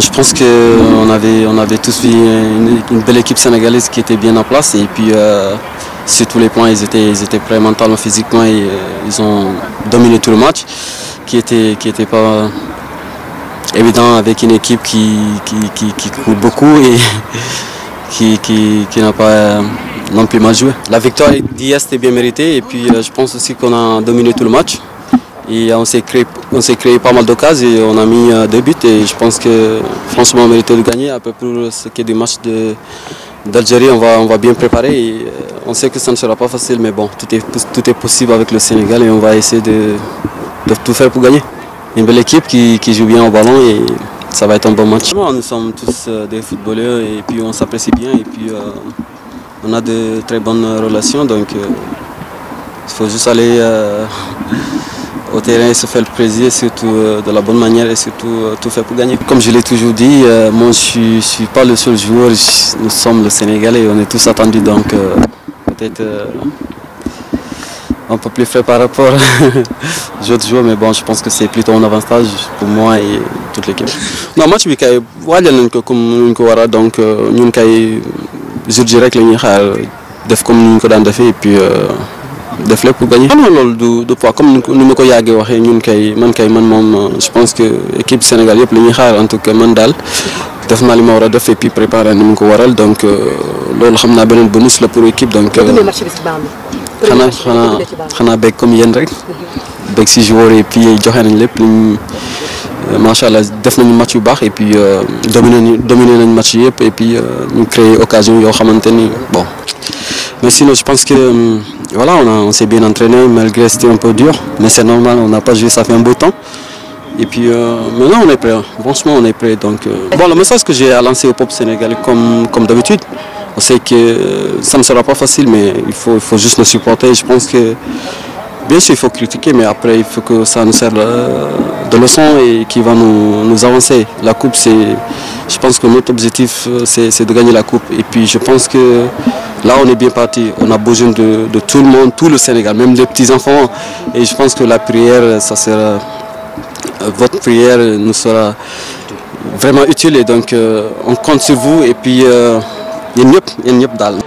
je pense qu'on avait, on avait tous vu une, belle équipe sénégalaise qui était bien en place et puis euh, sur tous les points, ils étaient, étaient prêts mentalement, physiquement et euh, ils ont dominé tout le match qui n'était qui était pas évident avec une équipe qui, qui, qui, beaucoup et qui, n'a pas... Euh, non plus mal joué. La victoire d'hier était bien méritée et puis je pense aussi qu'on a dominé tout le match on s'est créé, on s'est créé pas mal d'occasions et on a mis euh, deux buts et je pense que franchement on méritait de gagner. un peu plus ce qui est du match d'Algérie, on va, on va bien préparer euh, on sait que ça ne sera pas facile mais bon, tout est, tout est possible avec le Sénégal et on va essayer de, tout faire pour gagner. Une belle équipe qui, joue bien au ballon et ça va être un bon match. Nous sommes tous euh, des footballeurs et puis on s'apprécie bien et puis on a de très bonnes relations donc il faut juste aller au terrain et se faire plaisir, surtout euh, de la bonne manière et surtout euh, tout faire pour gagner. Comme je l'ai toujours dit, euh, moi je ne suis pas le seul joueur, nous sommes le Sénégalais, on est tous attendus donc peut-être un peu plus frais par rapport aux autres joueurs, mais bon, je pense que c'est plutôt un avantage pour moi et toute l'équipe. Non, match, comme nous donc je dirais comme nous et puis pour ah comme je pense que l'équipe sénégalaise nous en tout cas man nous def et préparer donc euh, bonus pour l'équipe donc. Euh, comme mhm. joueurs marche a def nañu match yu et puis euh, dominé dominé match et puis euh, ñu créé occasion de xamante bon mais sinon je pense que euh, voilà on on s'est bien entraîné malgré c'était un peu dur mais c'est normal on n'a pas joué ça fait un beau temps et puis maintenant on est prêt hein. franchement on est prêt donc bon le message que j'ai à lancer au pop sénégalais comme comme d'habitude on sait que ça ne sera pas facile mais il faut il faut juste nous supporter je pense que Bien sûr, il faut critiquer, mais après, il faut que ça nous serve euh, de leçon et qui va nous, avancer. La coupe, c'est, je pense que notre objectif, euh, c'est de gagner la coupe. Et puis, je pense que là, on est bien parti. On a besoin de, tout le monde, tout le Sénégal, même les petits-enfants. Et je pense que la prière, ça sera, euh, votre prière nous sera vraiment utile. donc, on compte sur vous. Et puis, il y a mieux,